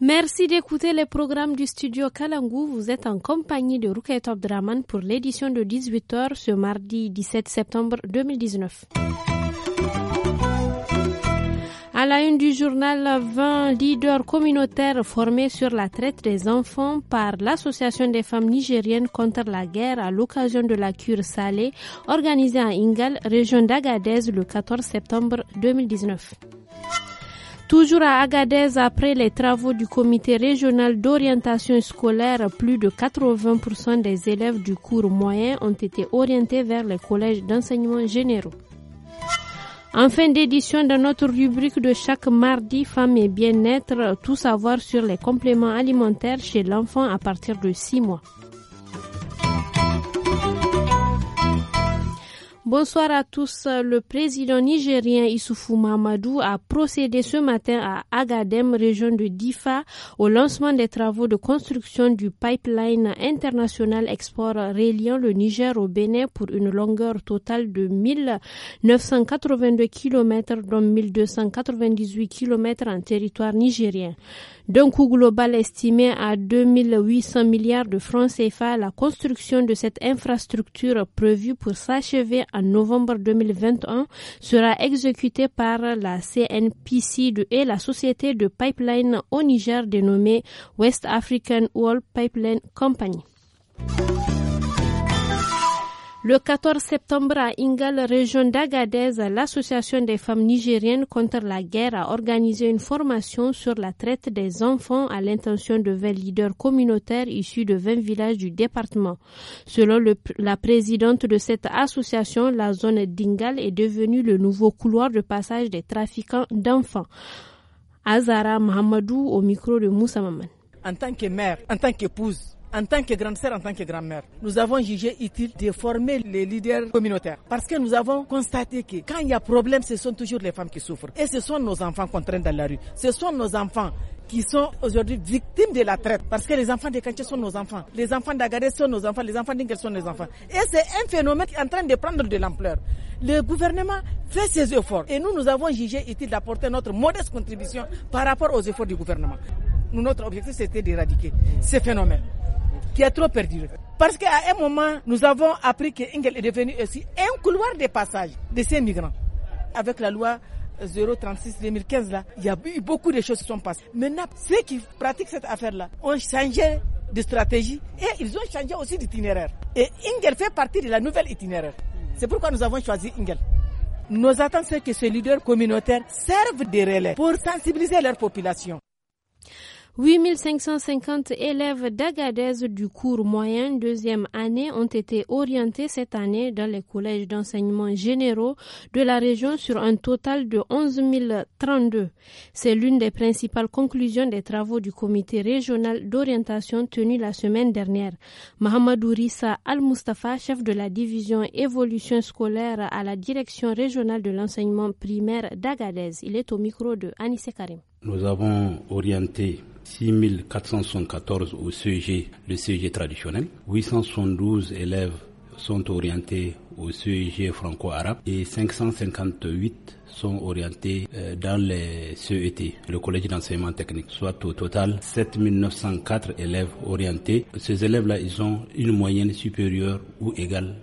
Merci d'écouter les programmes du studio Kalangu. Vous êtes en compagnie de Top Draman pour l'édition de 18h ce mardi 17 septembre 2019 la une du journal, 20 leaders communautaires formés sur la traite des enfants par l'Association des femmes nigériennes contre la guerre à l'occasion de la cure salée organisée à Ingal, région d'Agadez, le 14 septembre 2019. Toujours à Agadez, après les travaux du comité régional d'orientation scolaire, plus de 80% des élèves du cours moyen ont été orientés vers les collèges d'enseignement généraux. En fin d'édition dans notre rubrique de chaque mardi Femmes et bien-être, tout savoir sur les compléments alimentaires chez l'enfant à partir de 6 mois. Bonsoir à tous. Le président nigérien Issoufou Mamadou a procédé ce matin à Agadem, région de Difa, au lancement des travaux de construction du pipeline international export reliant le Niger au Bénin pour une longueur totale de 1982 km, dont 1298 km en territoire nigérien. D'un coût global estimé à 2800 milliards de francs CFA, la construction de cette infrastructure prévue pour s'achever en novembre 2021 sera exécutée par la CNPC et la société de pipeline au Niger dénommée West African Oil Pipeline Company. Le 14 septembre, à Ingal, région d'Agadez, l'Association des femmes nigériennes contre la guerre a organisé une formation sur la traite des enfants à l'intention de 20 leaders communautaires issus de 20 villages du département. Selon la présidente de cette association, la zone d'Ingal est devenue le nouveau couloir de passage des trafiquants d'enfants. Azara Mahamadou au micro de Moussa Maman. En tant que mère, en tant qu'épouse, en tant que grande sœur, en tant que grand-mère, nous avons jugé utile de former les leaders communautaires. Parce que nous avons constaté que quand il y a problème, ce sont toujours les femmes qui souffrent. Et ce sont nos enfants qu'on traîne dans la rue. Ce sont nos enfants qui sont aujourd'hui victimes de la traite. Parce que les enfants de Kanché sont nos enfants. Les enfants d'Agadez sont nos enfants. Les enfants d'Ingel sont nos enfants. Et c'est un phénomène qui est en train de prendre de l'ampleur. Le gouvernement fait ses efforts. Et nous, nous avons jugé utile d'apporter notre modeste contribution par rapport aux efforts du gouvernement notre objectif, c'était d'éradiquer ce phénomène qui a trop perduré. Parce qu'à un moment, nous avons appris que Ingel est devenu aussi un couloir de passage de ces migrants. Avec la loi 036-2015, il y a eu beaucoup de choses qui sont passées. Maintenant, ceux qui pratiquent cette affaire-là ont changé de stratégie et ils ont changé aussi d'itinéraire. Et Ingel fait partie de la nouvelle itinéraire. C'est pourquoi nous avons choisi Ingel. Nos attentes, c'est que ces leaders communautaires servent de relais pour sensibiliser leur population. 550 élèves d'Agadez du cours moyen deuxième année ont été orientés cette année dans les collèges d'enseignement généraux de la région sur un total de 11 032. C'est l'une des principales conclusions des travaux du comité régional d'orientation tenu la semaine dernière. Mohamed Rissa Al-Mustafa, chef de la division évolution scolaire à la direction régionale de l'enseignement primaire d'Agadez. Il est au micro de Anissé Karim. Nous avons orienté 6474 au CEG, le CEG traditionnel. 872 élèves sont orientés au CEG franco-arabe et 558 sont orientés euh, dans les CET, le collège d'enseignement technique, soit au total 7904 élèves orientés. Ces élèves-là, ils ont une moyenne supérieure ou égale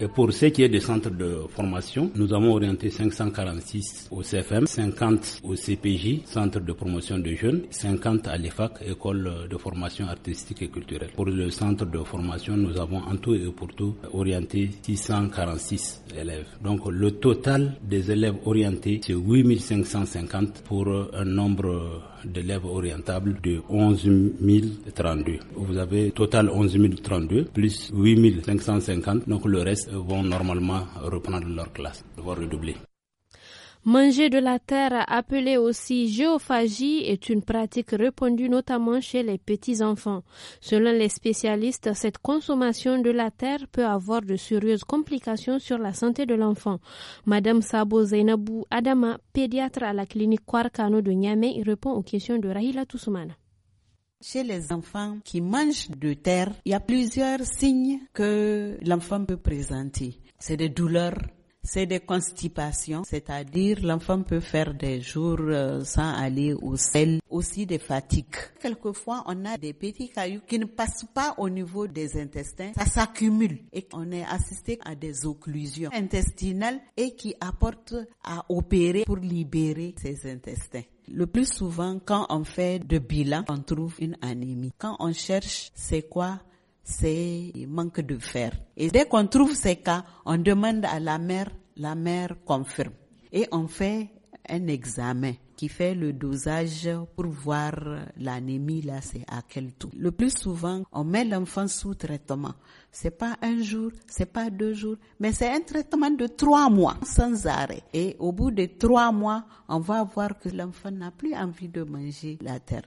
et pour ce qui est des centres de formation, nous avons orienté 546 au CFM, 50 au CPJ, centre de promotion des jeunes, 50 à l'EFAC, école de formation artistique et culturelle. Pour le centre de formation, nous avons en tout et pour tout orienté 646 élèves. Donc le total des élèves orientés, c'est 8550 pour un nombre d'élèves orientables de 11 032. Vous avez total 11 032 plus 8 550. Donc le reste vont normalement reprendre leur classe, vont redoubler. Manger de la terre, appelée aussi géophagie, est une pratique répandue notamment chez les petits-enfants. Selon les spécialistes, cette consommation de la terre peut avoir de sérieuses complications sur la santé de l'enfant. Madame Sabo Zainabou Adama, pédiatre à la clinique Quarkano de Niamey, répond aux questions de Rahila Toussoumana. Chez les enfants qui mangent de terre, il y a plusieurs signes que l'enfant peut présenter. C'est des douleurs c'est des constipations, c'est-à-dire l'enfant peut faire des jours euh, sans aller au sel, aussi des fatigues. Quelquefois, on a des petits cailloux qui ne passent pas au niveau des intestins, ça s'accumule et on est assisté à des occlusions intestinales et qui apportent à opérer pour libérer ces intestins. Le plus souvent, quand on fait de bilan, on trouve une anémie. Quand on cherche c'est quoi c'est manque de fer. Et dès qu'on trouve ces cas, on demande à la mère, la mère confirme. Et on fait un examen qui fait le dosage pour voir l'anémie là c'est à quel taux. Le plus souvent, on met l'enfant sous traitement. C'est pas un jour, c'est pas deux jours, mais c'est un traitement de trois mois sans arrêt. Et au bout de trois mois, on va voir que l'enfant n'a plus envie de manger la terre.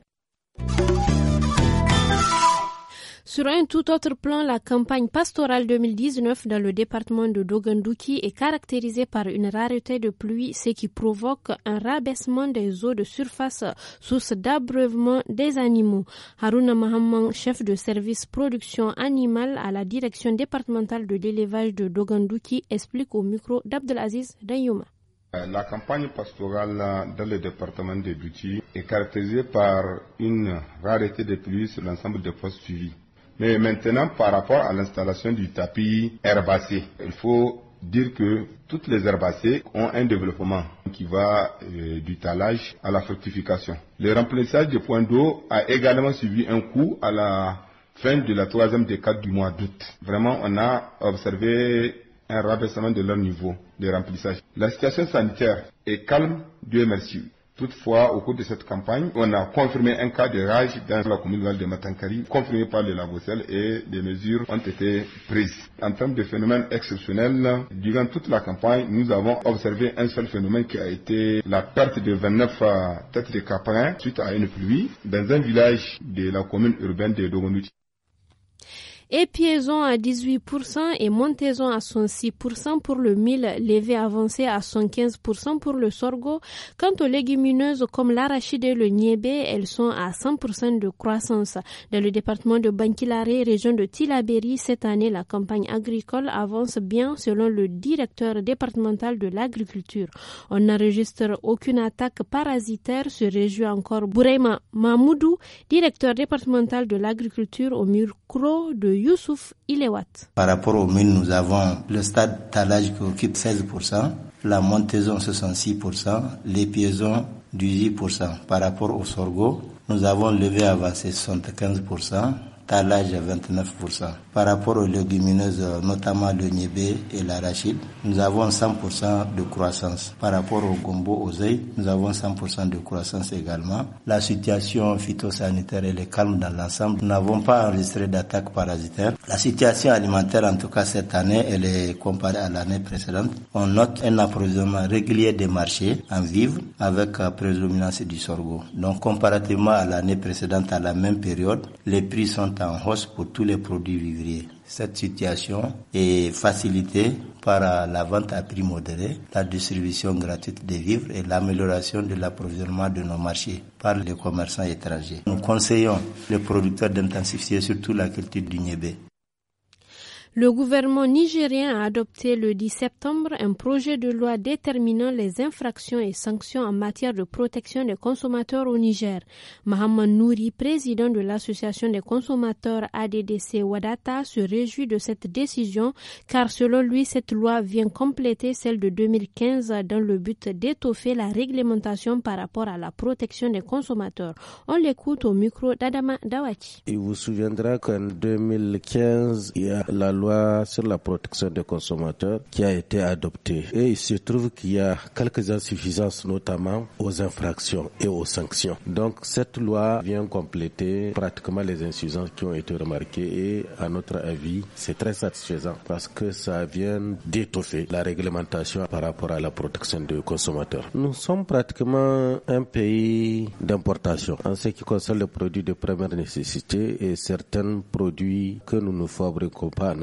Sur un tout autre plan, la campagne pastorale 2019 dans le département de Dogandouki est caractérisée par une rareté de pluie, ce qui provoque un rabaissement des eaux de surface, source d'abreuvement des animaux. Haruna Mahamman, chef de service production animale à la direction départementale de l'élevage de Dogandouki, explique au micro d'Abdelaziz Dayuma. Euh, la campagne pastorale euh, dans le département de Douti est caractérisée par une rareté de pluie sur l'ensemble des postes suivis. Mais maintenant, par rapport à l'installation du tapis herbacé, il faut dire que toutes les herbacées ont un développement qui va euh, du talage à la fructification. Le remplissage des points d'eau a également suivi un coup à la fin de la troisième décade du mois d'août. Vraiment, on a observé un rabaissement de leur niveau de remplissage. La situation sanitaire est calme, Dieu merci. Toutefois, au cours de cette campagne, on a confirmé un cas de rage dans la commune de Matankari, confirmé par le Labocel et des mesures ont été prises. En termes de phénomènes exceptionnels, durant toute la campagne, nous avons observé un seul phénomène qui a été la perte de 29 euh, têtes de caprins suite à une pluie dans un village de la commune urbaine de Dogonouti. Épiaison à 18% et montaison à 106% pour le mil, levée avancé à 115% pour le sorgho. Quant aux légumineuses comme l'arachide et le niébé, elles sont à 100% de croissance. Dans le département de Bankilare, région de Tilaberi, cette année, la campagne agricole avance bien selon le directeur départemental de l'agriculture. On n'enregistre aucune attaque parasitaire, se réjouit encore Bourema Mamoudou, directeur départemental de l'agriculture au mur de Youssouf Ilewat. Par rapport au mines, nous avons le stade Talage qui occupe 16%, la montaison 66%, les piaisons 18%. Par rapport au sorgho, nous avons levé avancé 75%, à 29%. Par rapport aux légumineuses, euh, notamment le nibé et l'arachide, nous avons 100% de croissance. Par rapport au gombo, aux nous avons 100% de croissance également. La situation phytosanitaire, est calme dans l'ensemble. Nous n'avons pas enregistré d'attaque parasitaire. La situation alimentaire, en tout cas cette année, elle est comparée à l'année précédente. On note un approvisionnement régulier des marchés en vivres avec la euh, prédominance du sorgho. Donc comparativement à l'année précédente, à la même période, les prix sont en hausse pour tous les produits vivriers. Cette situation est facilitée par la vente à prix modéré, la distribution gratuite des vivres et l'amélioration de l'approvisionnement de nos marchés par les commerçants étrangers. Nous conseillons les producteurs d'intensifier surtout la culture du niébé. Le gouvernement nigérien a adopté le 10 septembre un projet de loi déterminant les infractions et sanctions en matière de protection des consommateurs au Niger. Mohamed Nouri, président de l'association des consommateurs ADDC Wadata, se réjouit de cette décision car selon lui, cette loi vient compléter celle de 2015 dans le but d'étoffer la réglementation par rapport à la protection des consommateurs. On l'écoute au micro d'Adama Dawati. Il vous souviendra qu'en 2015, il y a la loi sur la protection des consommateurs qui a été adoptée. Et il se trouve qu'il y a quelques insuffisances, notamment aux infractions et aux sanctions. Donc cette loi vient compléter pratiquement les insuffisances qui ont été remarquées et à notre avis, c'est très satisfaisant parce que ça vient d'étoffer la réglementation par rapport à la protection des consommateurs. Nous sommes pratiquement un pays d'importation en ce qui concerne les produits de première nécessité et certains produits que nous ne fabriquons pas en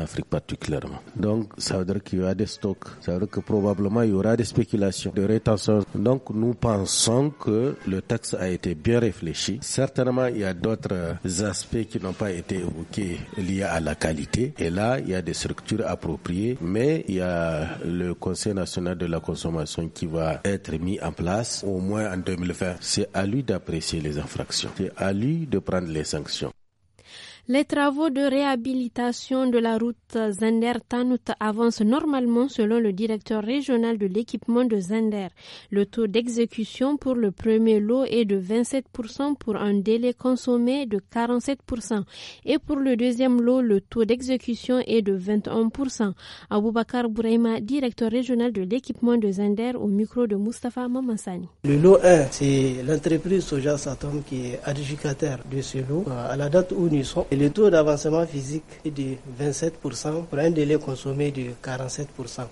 donc, ça veut dire qu'il y a des stocks, ça veut dire que probablement il y aura des spéculations, des rétentions. Donc, nous pensons que le texte a été bien réfléchi. Certainement, il y a d'autres aspects qui n'ont pas été évoqués liés à la qualité. Et là, il y a des structures appropriées, mais il y a le Conseil national de la consommation qui va être mis en place au moins en 2020. C'est à lui d'apprécier les infractions. C'est à lui de prendre les sanctions. Les travaux de réhabilitation de la route Zender-Tanout avancent normalement selon le directeur régional de l'équipement de Zender. Le taux d'exécution pour le premier lot est de 27% pour un délai consommé de 47% et pour le deuxième lot, le taux d'exécution est de 21%. Aboubakar Bouraima, directeur régional de l'équipement de Zender au micro de Mustafa Mamassani. Le lot 1, c'est l'entreprise Soja Satom qui est adjudicataire de ce lot. À la date où nous sommes, le taux d'avancement physique est de 27% pour un délai consommé de 47%.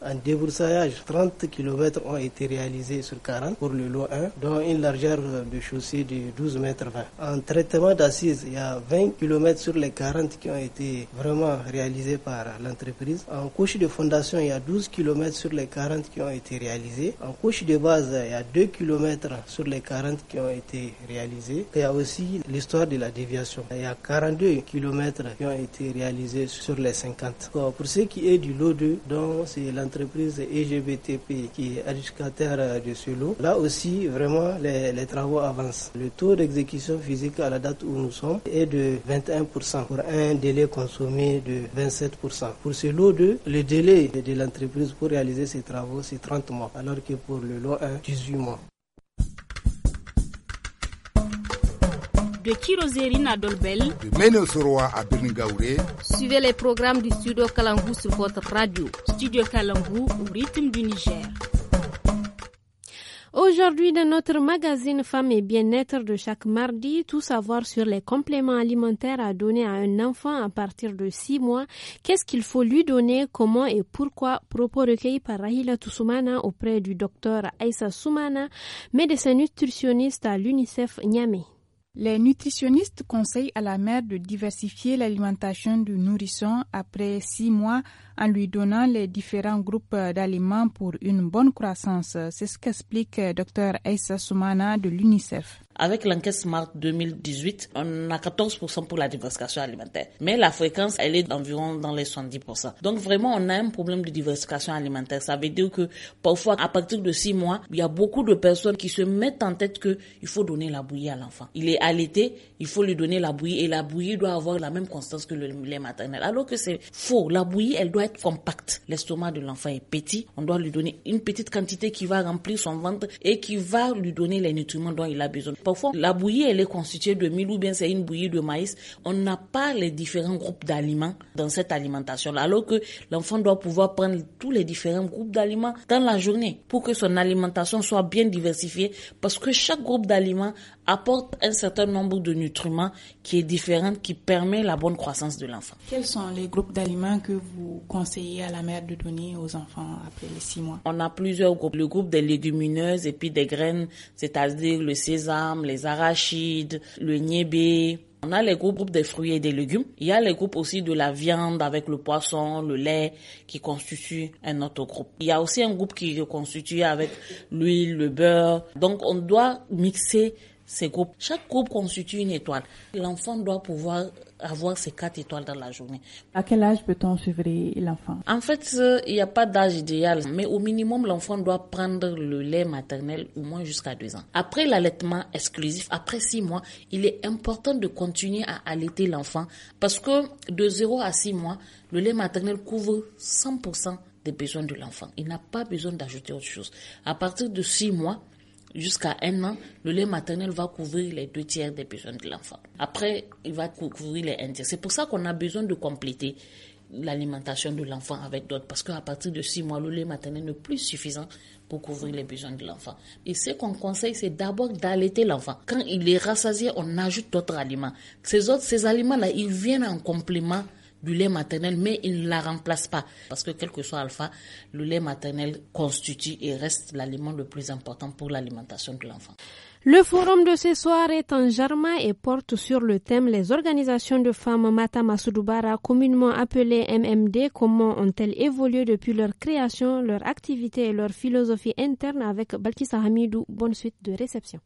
En débroussaillage, 30 km ont été réalisés sur 40 pour le lot 1, dont une largeur de chaussée de 12 mètres 20. En traitement d'assises, il y a 20 km sur les 40 qui ont été vraiment réalisés par l'entreprise. En couche de fondation, il y a 12 km sur les 40 qui ont été réalisés. En couche de base, il y a 2 km sur les 40 qui ont été réalisés. Il y a aussi l'histoire de la déviation. Il y a 42 km kilomètres qui ont été réalisés sur les 50. pour ce qui est du lot 2, c'est l'entreprise EGBTP qui est adjudicataire de ce lot, là aussi, vraiment, les, les travaux avancent. Le taux d'exécution physique à la date où nous sommes est de 21% pour un délai consommé de 27%. Pour ce lot 2, le délai de l'entreprise pour réaliser ses travaux, c'est 30 mois, alors que pour le lot 1, 18 mois. de Kirozerine Suivez les programmes du Studio Kalangou sur votre radio. Studio Kalangou rythme du Niger. Aujourd'hui, dans notre magazine Femmes et Bien-être de chaque mardi, tout savoir sur les compléments alimentaires à donner à un enfant à partir de 6 mois, qu'est-ce qu'il faut lui donner, comment et pourquoi, propos recueillis par Rahila Toussoumana auprès du docteur Aïssa Soumana, médecin nutritionniste à l'UNICEF Niamey. Les nutritionnistes conseillent à la mère de diversifier l'alimentation du nourrisson après six mois en lui donnant les différents groupes d'aliments pour une bonne croissance. C'est ce qu'explique Dr. Aïssa Soumana de l'UNICEF. Avec l'enquête Smart 2018, on a 14% pour la diversification alimentaire. Mais la fréquence, elle est d'environ dans les 70%. Donc vraiment, on a un problème de diversification alimentaire. Ça veut dire que parfois, à partir de 6 mois, il y a beaucoup de personnes qui se mettent en tête qu'il faut donner la bouillie à l'enfant. Il est allaité, il faut lui donner la bouillie et la bouillie doit avoir la même constance que le lait maternel. Alors que c'est faux. La bouillie, elle doit être compacte. L'estomac de l'enfant est petit. On doit lui donner une petite quantité qui va remplir son ventre et qui va lui donner les nutriments dont il a besoin. Parfois, la bouillie, elle est constituée de mil ou bien c'est une bouillie de maïs. On n'a pas les différents groupes d'aliments dans cette alimentation -là, alors que l'enfant doit pouvoir prendre tous les différents groupes d'aliments dans la journée pour que son alimentation soit bien diversifiée parce que chaque groupe d'aliments apporte un certain nombre de nutriments qui est différent, qui permet la bonne croissance de l'enfant. Quels sont les groupes d'aliments que vous conseillez à la mère de donner aux enfants après les six mois On a plusieurs groupes. Le groupe des légumineuses et puis des graines, c'est-à-dire le sésame, les arachides, le niébé. On a les groupes des fruits et des légumes. Il y a les groupes aussi de la viande avec le poisson, le lait, qui constitue un autre groupe. Il y a aussi un groupe qui est constitué avec l'huile, le beurre. Donc on doit mixer ces groupes. Chaque groupe constitue une étoile. L'enfant doit pouvoir avoir ses quatre étoiles dans la journée. À quel âge peut-on suivre l'enfant En fait, euh, il n'y a pas d'âge idéal, mais au minimum, l'enfant doit prendre le lait maternel au moins jusqu'à deux ans. Après l'allaitement exclusif, après six mois, il est important de continuer à allaiter l'enfant parce que de 0 à 6 mois, le lait maternel couvre 100% des besoins de l'enfant. Il n'a pas besoin d'ajouter autre chose. À partir de 6 mois, jusqu'à un an, le lait maternel va couvrir les deux tiers des besoins de l'enfant. Après, il va couvrir les un tiers. C'est pour ça qu'on a besoin de compléter l'alimentation de l'enfant avec d'autres, parce qu'à partir de six mois, le lait maternel n'est plus suffisant pour couvrir les besoins de l'enfant. Et ce qu'on conseille, c'est d'abord d'allaiter l'enfant. Quand il est rassasié, on ajoute d'autres aliments. Ces autres, ces aliments-là, ils viennent en complément du lait maternel, mais il ne la remplace pas. Parce que quel que soit alpha, le lait maternel constitue et reste l'aliment le plus important pour l'alimentation de l'enfant. Le forum de ce soir est en Jarma et porte sur le thème Les organisations de femmes Mata Masoudoubara, communément appelées MMD, comment ont-elles évolué depuis leur création, leur activité et leur philosophie interne avec Balkissa Hamidou. Bonne suite de réception.